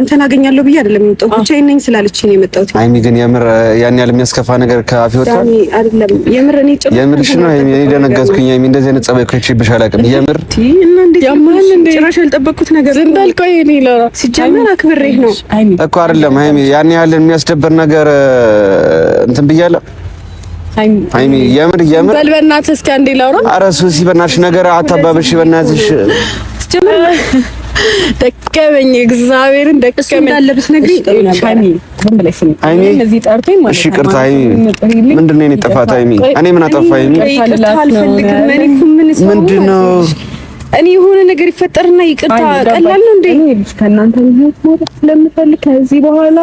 አንተን አገኛለሁ ብዬ አይደለም የመጣሁት፣ ብቻዬን ነኝ ስላለች ነው የመጣሁት። ሀይሚ ግን የምር ያን ያህል የሚያስከፋ ነገር ከአፍ ይወጣል። የምር እኔ ደነገጥኩኝ። ሀይሚ እንደዚህ አይነት ጸባይ እኮ ይችብሽ አላውቅም። የምር ጭራሽ ያልጠበቅኩት ነገር ሲጀመር አክብሬህ ነው እኮ አይደለም ሀይሚ ያን ያህል የሚያስደብር ነገር እንትን ብያለሁ አይሚ የምር የምር በል በእናትህ እስኪ አንዴ ላውራ። አረ ሱሲ በእናትሽ ነገር አታባብሽ በእናትሽ ደቀመኝ እግዚአብሔርን ደቀመኝ። እንዳለብስ ነግሪ አይሚ አይሚ እዚህ ጠርቶኝ ማለት እሺ፣ ቅርታ አይሚ ምንድን ነው የኔ ጥፋት? አይሚ እኔ ምን አጠፋ? አይሚ ምንድን ነው እኔ የሆነ ነገር ይፈጠርና ይቅርታ ቀላል ነው እንዴ? ከእናንተ ስለምፈልግ ከዚህ በኋላ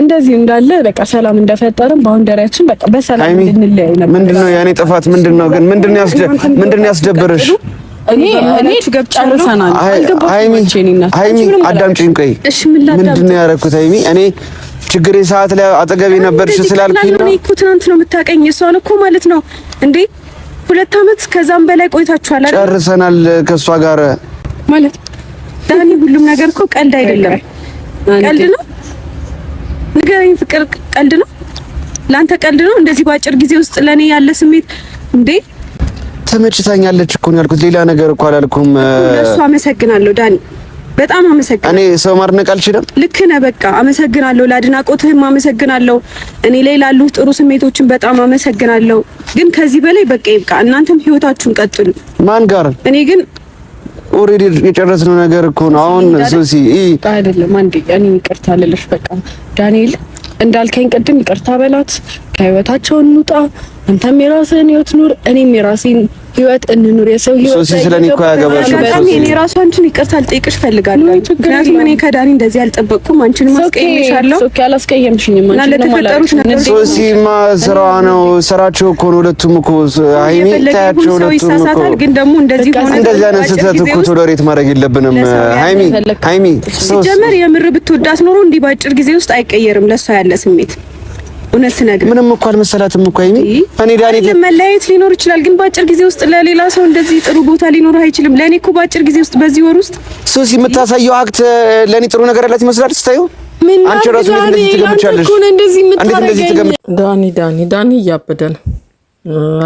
እንደዚህ እንዳለ በቃ ሰላም እንደፈጠርን ባውንደሪያችን በቃ በሰላም እንድንለያይ ነበር። ምንድነው የእኔ ጥፋት? ምንድነው ግን ምንድነው ያስደበረሽ? ምንድነው እኔ ችግሬ ሰዓት ላይ አጠገቤ ነበርሽ ስላልኩኝ ነው እኮ ትናንት ነው የምታውቀኝ። እሷን እኮ ማለት ነው እንዴ ሁለት አመት ከዛም በላይ ቆይታችኋል አይደል? ጨርሰናል ከሷ ጋር ማለት ዳኒ፣ ሁሉም ነገር እኮ ቀልድ አይደለም። ቀልድ ነው ንገረኝ፣ ፍቅር ቀልድ ነው ለአንተ ቀልድ ነው? እንደዚህ በአጭር ጊዜ ውስጥ ለኔ ያለ ስሜት እንዴ? ተመችታኛለች እኮ ነው ያልኩት፣ ሌላ ነገር እኮ አላልኩም። ለእሱ አመሰግናለሁ ዳኒ በጣም አመሰግናለሁ። እኔ ሰው ማድነቅ አልችልም። ልክ ነህ። በቃ አመሰግናለሁ። ለአድናቆትህም አመሰግናለሁ። እኔ ላይ ላሉ ጥሩ ስሜቶችን በጣም አመሰግናለሁ። ግን ከዚህ በላይ በቃ ይብቃ። እናንተም ህይወታችሁን ቀጥሉ። ማን ጋር? እኔ ግን ኦሬዲ የጨረስነው ነገር እኮ ነው። አሁን ሶሲ አይደለም። አንዴ እኔ ይቅርታ ልልሽ በቃ ዳንኤል እንዳልከኝ ቅድም ይቅርታ በላት፣ ከህይወታቸው እንውጣ፣ አንተም የራስህን ህይወት ኑር፣ እኔም የራሴን ህይወት እንኑር። የሰው ህይወት ስለኔ እኮ ያገባሽ በጣም የኔ ራሱ አንቺን ይቅርታ ልጠይቅሽ ፈልጋለሁ። ምክንያቱም እኔ ከዳኒ እንደዚህ አልጠበቅኩም። አንቺን ማስቀየምሻለሁ። ሶኪ አላስቀየምሽኝም። አንቺን ማለት ነገር ሶሲማ ስራዋ ነው፣ ስራቸው እኮ ነው። ሁለቱም እኮ አይኔ ታያቸው፣ ሁለቱም እኮ ግን ደግሞ እንደዚህ ሆነ። እንደዚህ አይነት ስህተት እኮ ቶሎሬት ማድረግ የለብንም ሃይሚ ሃይሚ። ሲጀመር የምር ብትወዳት ኖሮ እንዲህ ባጭር ጊዜ ውስጥ አይቀየርም ለሷ ያለ ስሜት እውነት ስነግር ምንም እኮ አልመሰላትም እኮ አይኔ እኔ ዳኒ መለያየት ሊኖር ይችላል፣ ግን በአጭር ጊዜ ውስጥ ለሌላ ሰው እንደዚህ ጥሩ ቦታ ሊኖር አይችልም። ለእኔ እኮ በአጭር ጊዜ ውስጥ በዚህ ወር ውስጥ ሶሲ የምታሳየው አክት ለእኔ ጥሩ ነገር ያላት ይመስላል ስታዩ አንቺ ራሱ ዳኒ ዳኒ ዳኒ እያበደ ነው።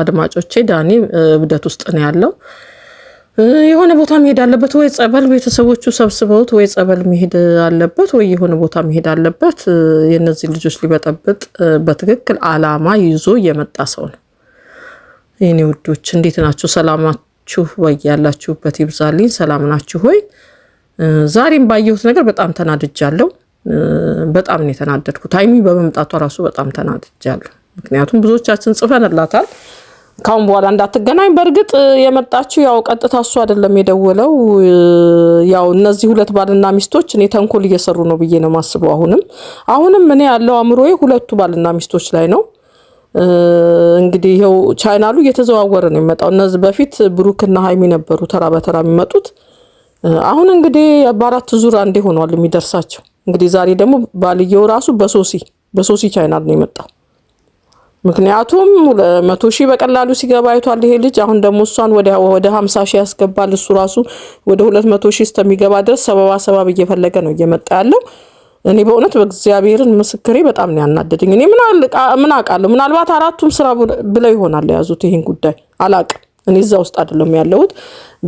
አድማጮቼ ዳኒ እብደት ውስጥ ነው ያለው። የሆነ ቦታ መሄድ አለበት ወይ ጸበል፣ ቤተሰቦቹ ሰብስበውት ወይ ጸበል መሄድ አለበት ወይ የሆነ ቦታ መሄድ አለበት። የእነዚህ ልጆች ሊበጠብጥ በትክክል አላማ ይዞ የመጣ ሰው ነው። የኔ ውዶች እንዴት ናችሁ? ሰላማችሁ ወይ ያላችሁበት ይብዛልኝ። ሰላም ናችሁ ሆይ? ዛሬም ባየሁት ነገር በጣም ተናድጃለሁ። በጣም ነው የተናደድኩት። ሀይሚ በመምጣቷ ራሱ በጣም ተናድጃለሁ። ምክንያቱም ብዙዎቻችን ጽፈንላታል ካሁን በኋላ እንዳትገናኝ። በእርግጥ የመጣችው ያው ቀጥታ እሱ አይደለም የደወለው። ያው እነዚህ ሁለት ባልና ሚስቶች እኔ ተንኮል እየሰሩ ነው ብዬ ነው ማስበው አሁንም አሁንም እኔ ያለው አእምሮዬ ሁለቱ ባልና ሚስቶች ላይ ነው። እንግዲህ ይኸው ቻይናሉ እየተዘዋወረ ነው የሚመጣው። እነዚህ በፊት ብሩክና ሀይሚ ነበሩ ተራ በተራ የሚመጡት። አሁን እንግዲህ በአራት ዙር አንዴ ሆኗል የሚደርሳቸው። እንግዲህ ዛሬ ደግሞ ባልየው ራሱ በሶሲ በሶሲ ቻይናል ነው የመጣው። ምክንያቱም መቶ ሺህ በቀላሉ ሲገባ አይቷል ይሄ ልጅ። አሁን ደግሞ እሷን ወደ ሀምሳ ሺህ ያስገባል። እሱ ራሱ ወደ ሁለት መቶ ሺህ እስከሚገባ ድረስ ሰበባ ሰበብ እየፈለገ ነው እየመጣ ያለው። እኔ በእውነት በእግዚአብሔርን ምስክሬ በጣም ነው ያናደድኝ። እኔ ምን አውቃለሁ፣ ምናልባት አራቱም ስራ ብለው ይሆናል የያዙት ይህን ጉዳይ አላቅም። እኔ እዛ ውስጥ አይደለም ያለሁት።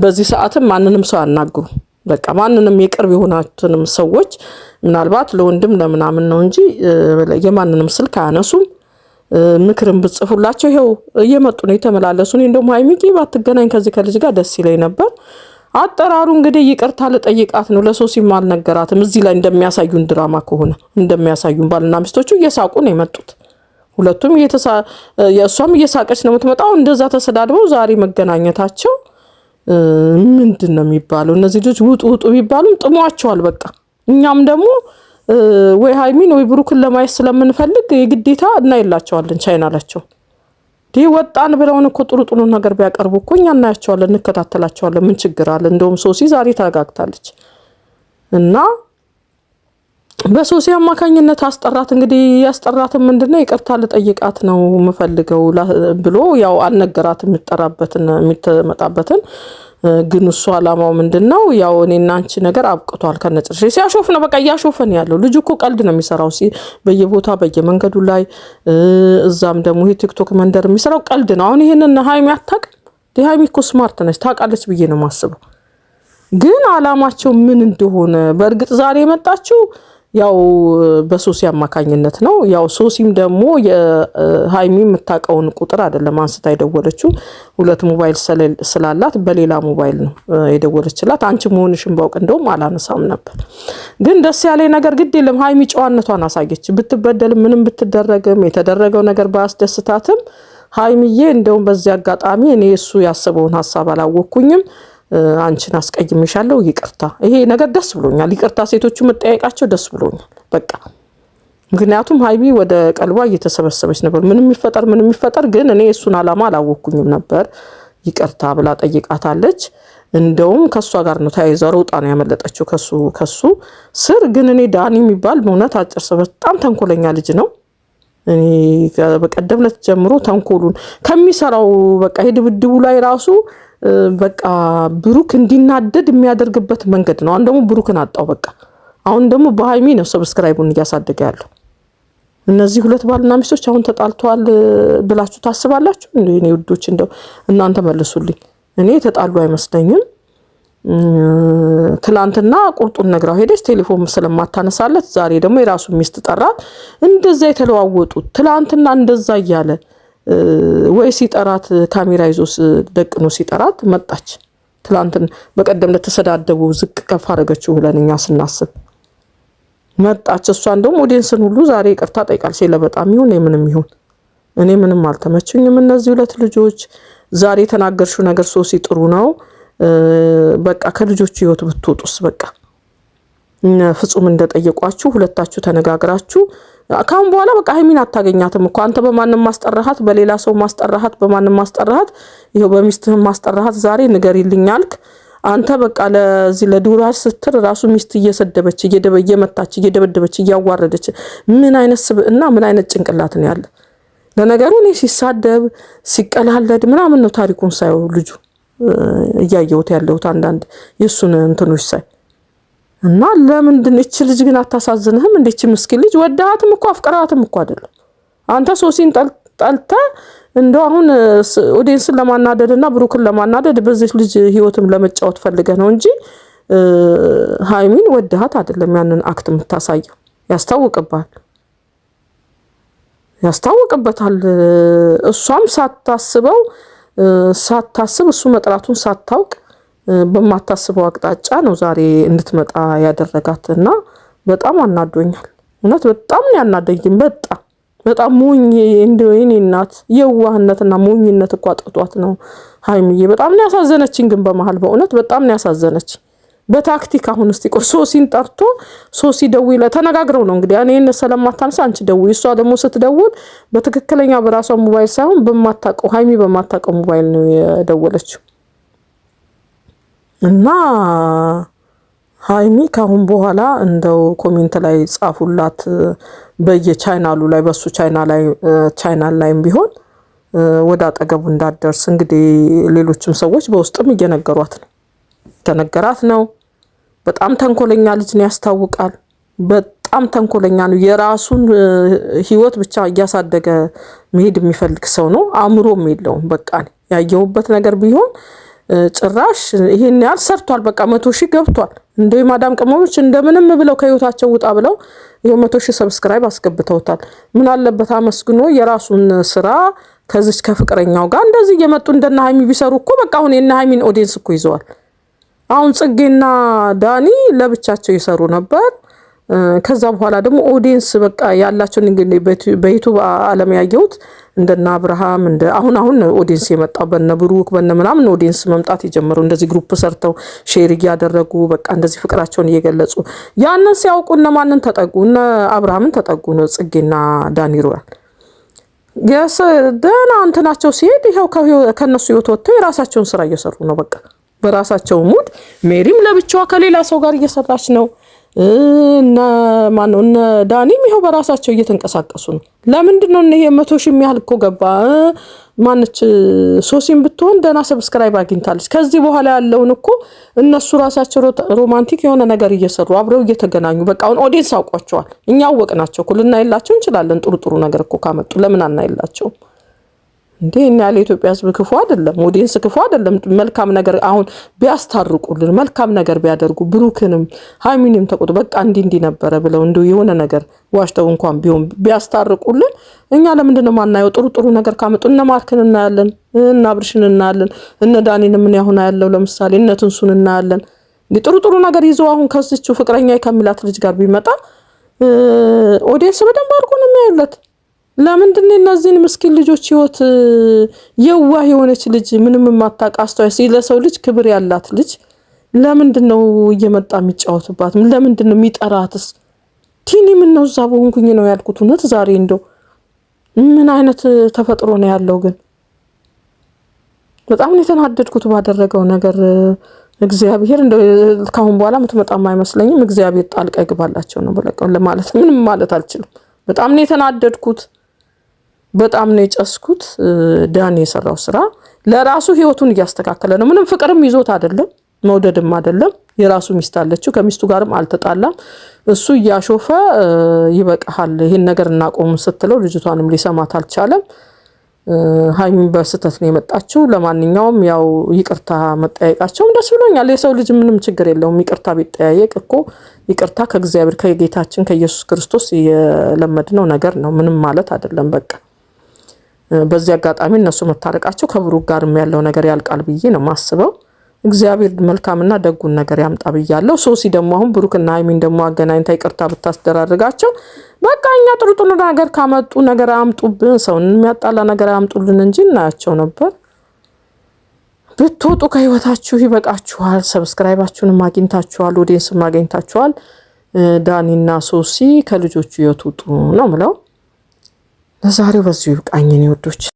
በዚህ ሰዓትም ማንንም ሰው አናግሩ በቃ ማንንም የቅርብ የሆናትንም ሰዎች ምናልባት ለወንድም ለምናምን ነው እንጂ የማንንም ስልክ አያነሱም። ምክርን ብጽፉላቸው ይኸው እየመጡ ነው የተመላለሱ። እኔ እንደውም ሀይሚዬ ባትገናኝ ከዚህ ከልጅ ጋር ደስ ይለኝ ነበር። አጠራሩ እንግዲህ ይቅርታ ልጠይቃት ነው። ለሶሲም አልነገራትም። እዚህ ላይ እንደሚያሳዩን ድራማ ከሆነ እንደሚያሳዩን ባልና ሚስቶቹ እየሳቁ ነው የመጡት። ሁለቱም እሷም እየሳቀች ነው የምትመጣው። እንደዛ ተሰዳድበው ዛሬ መገናኘታቸው ምንድን ነው የሚባለው? እነዚህ ልጆች ውጡ ውጡ ቢባሉም ጥሟቸዋል። በቃ እኛም ደግሞ ወይ ሀይሚን ወይ ብሩክን ለማየት ስለምንፈልግ የግዴታ እናይላቸዋለን። ቻይና ላቸው ይህ ወጣን ብለውን እኮ ጥሩ ጥሩ ነገር ቢያቀርቡ እኮ እኛ እናያቸዋለን፣ እንከታተላቸዋለን። ምን ችግር አለ? እንደውም ሶሲ ዛሬ ተረጋግታለች እና በሶሲ አማካኝነት አስጠራት። እንግዲህ ያስጠራትን ምንድነው ይቅርታ ልጠይቃት ነው የምፈልገው ብሎ ያው አልነገራት የሚጠራበትን የሚመጣበትን ግን እሱ አላማው ምንድን ነው? ያው እኔና አንቺ ነገር አብቅቷል ከነጭርሽ ሲያሾፍ ነው በቃ እያሾፈን ያለው ልጁ እኮ ቀልድ ነው የሚሰራው። በየቦታ በየመንገዱ ላይ እዛም ደግሞ ይሄ ቲክቶክ መንደር የሚሰራው ቀልድ ነው። አሁን ይሄንን ሀይሚ አታውቅም። ሀይሚ እኮ ስማርት ነች ታውቃለች ብዬ ነው የማስበው። ግን አላማቸው ምን እንደሆነ በእርግጥ ዛሬ የመጣችው ያው በሶሲ አማካኝነት ነው። ያው ሶሲም ደግሞ የሀይሚ የምታውቀውን ቁጥር አይደለም አንስታ የደወለችው፣ ሁለት ሞባይል ስላላት በሌላ ሞባይል ነው የደወለችላት። አንቺ መሆንሽን ባውቅ እንደውም አላነሳም ነበር፣ ግን ደስ ያለ ነገር ግድ የለም ሀይሚ ጨዋነቷን አሳየች። ብትበደልም ምንም ብትደረግም የተደረገው ነገር ባያስደስታትም ሀይሚዬ እንደውም በዚህ አጋጣሚ እኔ እሱ ያሰበውን ሀሳብ አላወቅኩኝም አንቺን አስቀይሜሻለሁ፣ ይቅርታ። ይሄ ነገር ደስ ብሎኛል። ይቅርታ ሴቶቹ መጠያየቃቸው ደስ ብሎኛል። በቃ ምክንያቱም ሀይሚ ወደ ቀልቧ እየተሰበሰበች ነበር። ምንም ይፈጠር ምንም ይፈጠር፣ ግን እኔ እሱን አላማ አላወኩኝም ነበር ይቅርታ ብላ ጠይቃታለች። እንደውም ከእሷ ጋር ነው ተያይዛ ሮጣ ነው ያመለጠችው ከሱ ስር። ግን እኔ ዳኒ የሚባል በእውነት አጭር ሰው በጣም ተንኮለኛ ልጅ ነው። እኔ በቀደም ዕለት ጀምሮ ተንኮሉን ከሚሰራው በቃ የድብድቡ ላይ ራሱ በቃ ብሩክ እንዲናደድ የሚያደርግበት መንገድ ነው። አሁን ደግሞ ብሩክን አጣው። በቃ አሁን ደግሞ በሀይሚ ነው ሰብስክራይቡን እያሳደገ ያለው። እነዚህ ሁለት ባልና ሚስቶች አሁን ተጣልተዋል ብላችሁ ታስባላችሁ? እኔ ውዶች እንደው እናንተ መልሱልኝ። እኔ የተጣሉ አይመስለኝም። ትላንትና ቁርጡን ነግራው ሄደች። ቴሌፎን ስለማታነሳለት ዛሬ ደግሞ የራሱ ሚስት ጠራት። እንደዛ የተለዋወጡት ትላንትና እንደዛ እያለ ወይ ሲጠራት ካሜራ ይዞ ደቅኖ ሲጠራት መጣች። ትላንትን በቀደም ለተሰዳደቡ ዝቅ ከፍ አደረገችው ብለን እኛ ስናስብ መጣች። እሷን ደግሞ ኦዲየንስን ሁሉ ዛሬ ይቅርታ ጠይቃል። ሴለ በጣም ይሁን ምንም ይሁን እኔ ምንም አልተመችኝም። እነዚህ ሁለት ልጆች ዛሬ የተናገርሽው ነገር ሶሲ ጥሩ ነው በቃ ከልጆቹ ህይወት ብትወጡስ? በቃ ፍጹም እንደጠየቋችሁ ሁለታችሁ ተነጋግራችሁ ካሁን በኋላ በቃ ሀይሚን አታገኛትም እኮ አንተ በማንም ማስጠራሃት፣ በሌላ ሰው ማስጠራሃት፣ በማንም ማስጠራሃት፣ ይኸው በሚስትህም ማስጠራሃት። ዛሬ ንገሪልኝ አልክ። አንተ በቃ ለዚህ ለዱራሽ ስትር ራሱ ሚስት እየሰደበች እየመታች እየደበደበች እያዋረደች፣ ምን አይነት እና ምን አይነት ጭንቅላት ነው ያለ? ለነገሩ እኔ ሲሳደብ ሲቀላለድ ምናምን ነው ታሪኩን ሳየው ልጁ እያየሁት ያለሁት አንዳንድ የእሱን እንትኖች ሳይ እና ለምንድን እች ልጅ ግን አታሳዝንህም? እንዴች ምስኪን ልጅ ወዳሃትም እኮ አፍቀራሃትም እኮ አይደለም። አንተ ሶሲን ጠልተ እንደው አሁን ኦዲንስን ለማናደድ እና ብሩክን ለማናደድ በዚህ ልጅ ህይወትም ለመጫወት ፈልገ ነው እንጂ ሀይሚን ወዳሃት አይደለም። ያንን አክት የምታሳየው ያስታውቅብሃል፣ ያስታውቅበታል። እሷም ሳታስበው ሳታስብ እሱ መጥራቱን ሳታውቅ በማታስበው አቅጣጫ ነው ዛሬ እንድትመጣ ያደረጋት እና በጣም አናዶኛል። እውነት በጣም ነው ያናደኝ። በጣም በጣም ሞኝ እንደው የኔ እናት የዋህነትና ሞኝነት እኮ አጥቅጧት ነው ሀይሚዬ። በጣም ነው ያሳዘነችኝ፣ ግን በመሀል በእውነት በጣም ነው ያሳዘነችኝ። በታክቲክ አሁን እስቲ ቆይ ሶሲን ጠርቶ ሶሲ ደውይ ተነጋግረው ነው እንግዲህ እኔን ስለማታንሳ አንቺ ደውይ፣ እሷ ደግሞ ስትደውል በትክክለኛ በራሷ ሞባይል ሳይሆን በማታውቀው ሀይሚ በማታውቀው ሞባይል ነው የደወለችው እና ሀይሚ ከአሁን በኋላ እንደው ኮሜንት ላይ ጻፉላት በየቻይናሉ ላይ በሱ ቻይና ላይ ላይም ቢሆን ወደ አጠገቡ እንዳደርስ እንግዲህ ሌሎችም ሰዎች በውስጥም እየነገሯት ነው ተነገራት ነው በጣም ተንኮለኛ ልጅ ነው ያስታውቃል። በጣም ተንኮለኛ ነው። የራሱን ህይወት ብቻ እያሳደገ መሄድ የሚፈልግ ሰው ነው። አእምሮም የለውም። በቃ ያየሁበት ነገር ቢሆን ጭራሽ ይህን ያህል ሰርቷል። በቃ መቶ ሺህ ገብቷል። እንደ ማዳም ቅመሞች እንደምንም ብለው ከህይወታቸው ውጣ ብለው ይኸው መቶ ሺህ ሰብስክራይብ አስገብተውታል። ምን አለበት አመስግኖ የራሱን ስራ ከዚች ከፍቅረኛው ጋር እንደዚህ እየመጡ እንደነ ሀይሚ ቢሰሩ እኮ በቃ አሁን የነ ሀይሚን ኦዲየንስ እኮ ይዘዋል። አሁን ጽጌና ዳኒ ለብቻቸው የሰሩ ነበር። ከዛ በኋላ ደግሞ ኦዲየንስ በቃ ያላቸውን እንግዲህ በዩቱብ አለም ያየሁት እንደነ አብርሃም እንደ አሁን አሁን ኦዲየንስ የመጣው በነ ብሩክ በነ ምናምን ኦዲየንስ መምጣት የጀመሩ እንደዚህ ግሩፕ ሰርተው ሼር እያደረጉ በቃ እንደዚህ ፍቅራቸውን እየገለጹ ያንን ሲያውቁ እነማንን ተጠጉ? እነ አብርሃምን ተጠጉ ነው ጽጌና ዳኒ ሮያል ደህና እንትናቸው ሲሄድ ይኸው ከነሱ ህይወት ወጥተው የራሳቸውን ስራ እየሰሩ ነው በቃ በራሳቸው ሙድ ሜሪም ለብቻዋ ከሌላ ሰው ጋር እየሰራች ነው። እነ ማነው እነ ዳኒም ይኸው በራሳቸው እየተንቀሳቀሱ ነው። ለምንድን ነው ይሄ መቶ ሺህ የሚያህል እኮ ገባ። ማነች ሶሲም ብትሆን ደህና ሰብስክራይብ አግኝታለች። ከዚህ በኋላ ያለውን እኮ እነሱ ራሳቸው ሮማንቲክ የሆነ ነገር እየሰሩ አብረው እየተገናኙ በቃ አሁን ኦዲየንስ አውቋቸዋል። እኛ አወቅናቸው እኮ ልናይላቸው እንችላለን። ጥሩ ጥሩ ነገር እኮ ካመጡ ለምን አናይላቸውም? እንዴ እና ለኢትዮጵያ ሕዝብ ክፉ አይደለም፣ ኦዲየንስ ክፉ አይደለም። መልካም ነገር አሁን ቢያስታርቁልን መልካም ነገር ቢያደርጉ ብሩክንም ሃይሚንም ተቆጡ በቃ እንዲ እንዲ ነበረ ብለው እንዲ የሆነ ነገር ዋሽተው እንኳን ቢሆን ቢያስታርቁልን እኛ ለምንድን ነው ማናየው? ጥሩ ጥሩ ነገር ካመጡ እነ ማርክን እናያለን፣ እነ አብርሽን እናያለን፣ እነ ዳኒን ምን ያሁን ያለው ለምሳሌ እነ ትንሱን እናያለን። እንዲ ጥሩ ጥሩ ነገር ይዘው አሁን ከዚችው ፍቅረኛ ከሚላት ልጅ ጋር ቢመጣ ኦዲየንስ በደንብ አድርጎ ነው የሚያዩለት። ለምንድን ነው እነዚህን ምስኪን ልጆች ህይወት የዋህ የሆነች ልጅ ምንም የማታውቅ አስተዋይ ለሰው ልጅ ክብር ያላት ልጅ ለምንድን ነው እየመጣ የሚጫወትባት? ለምንድን ነው የሚጠራትስ? ቲኒ ምን ነው እዛ በሆንኩኝ ነው ያልኩት። እውነት ዛሬ እንደው ምን አይነት ተፈጥሮ ነው ያለው? ግን በጣም ነው የተናደድኩት ባደረገው ነገር። እግዚአብሔር እንደው ካሁን በኋላ የምትመጣም አይመስለኝም። እግዚአብሔር ጣልቃ ይግባላቸው ነው በለቀው ለማለት ምንም ማለት አልችልም። በጣም ነው የተናደድኩት። በጣም ነው የጨስኩት። ዳን የሰራው ስራ ለራሱ ህይወቱን እያስተካከለ ነው። ምንም ፍቅርም ይዞት አይደለም መውደድም አይደለም። የራሱ ሚስት አለችው። ከሚስቱ ጋርም አልተጣላም። እሱ እያሾፈ ይበቃሃል፣ ይህን ነገር እናቆም ስትለው ልጅቷንም ሊሰማት አልቻለም። ሀይሚ በስህተት ነው የመጣችው። ለማንኛውም ያው ይቅርታ መጠያየቃቸውም ደስ ብሎኛል። የሰው ልጅ ምንም ችግር የለውም ይቅርታ ቢጠያየቅ እኮ ይቅርታ ከእግዚአብሔር ከጌታችን ከኢየሱስ ክርስቶስ የለመድነው ነገር ነው። ምንም ማለት አይደለም በቃ በዚህ አጋጣሚ እነሱ መታረቃቸው ከብሩክ ጋርም ያለው ነገር ያልቃል ብዬ ነው ማስበው። እግዚአብሔር መልካምና ደጉን ነገር ያምጣ ብያለሁ። ሶሲ ደግሞ አሁን ብሩክና ሀይሚን ደግሞ አገናኝታ ይቅርታ ብታስደራርጋቸው በቃ እኛ ጥሩ ጥሩ ነገር ካመጡ ነገር አያምጡብን፣ ሰውን የሚያጣላ ነገር አያምጡልን እንጂ እናያቸው ነበር። ብትወጡ ከህይወታችሁ ይበቃችኋል። ሰብስክራይባችሁንም አግኝታችኋል፣ ኦዲየንስም አግኝታችኋል። ዳኒና ሶሲ ከልጆቹ የትውጡ ነው ምለው ለዛሬው በዚሁ ይብቃኝ የኔ ውዶች።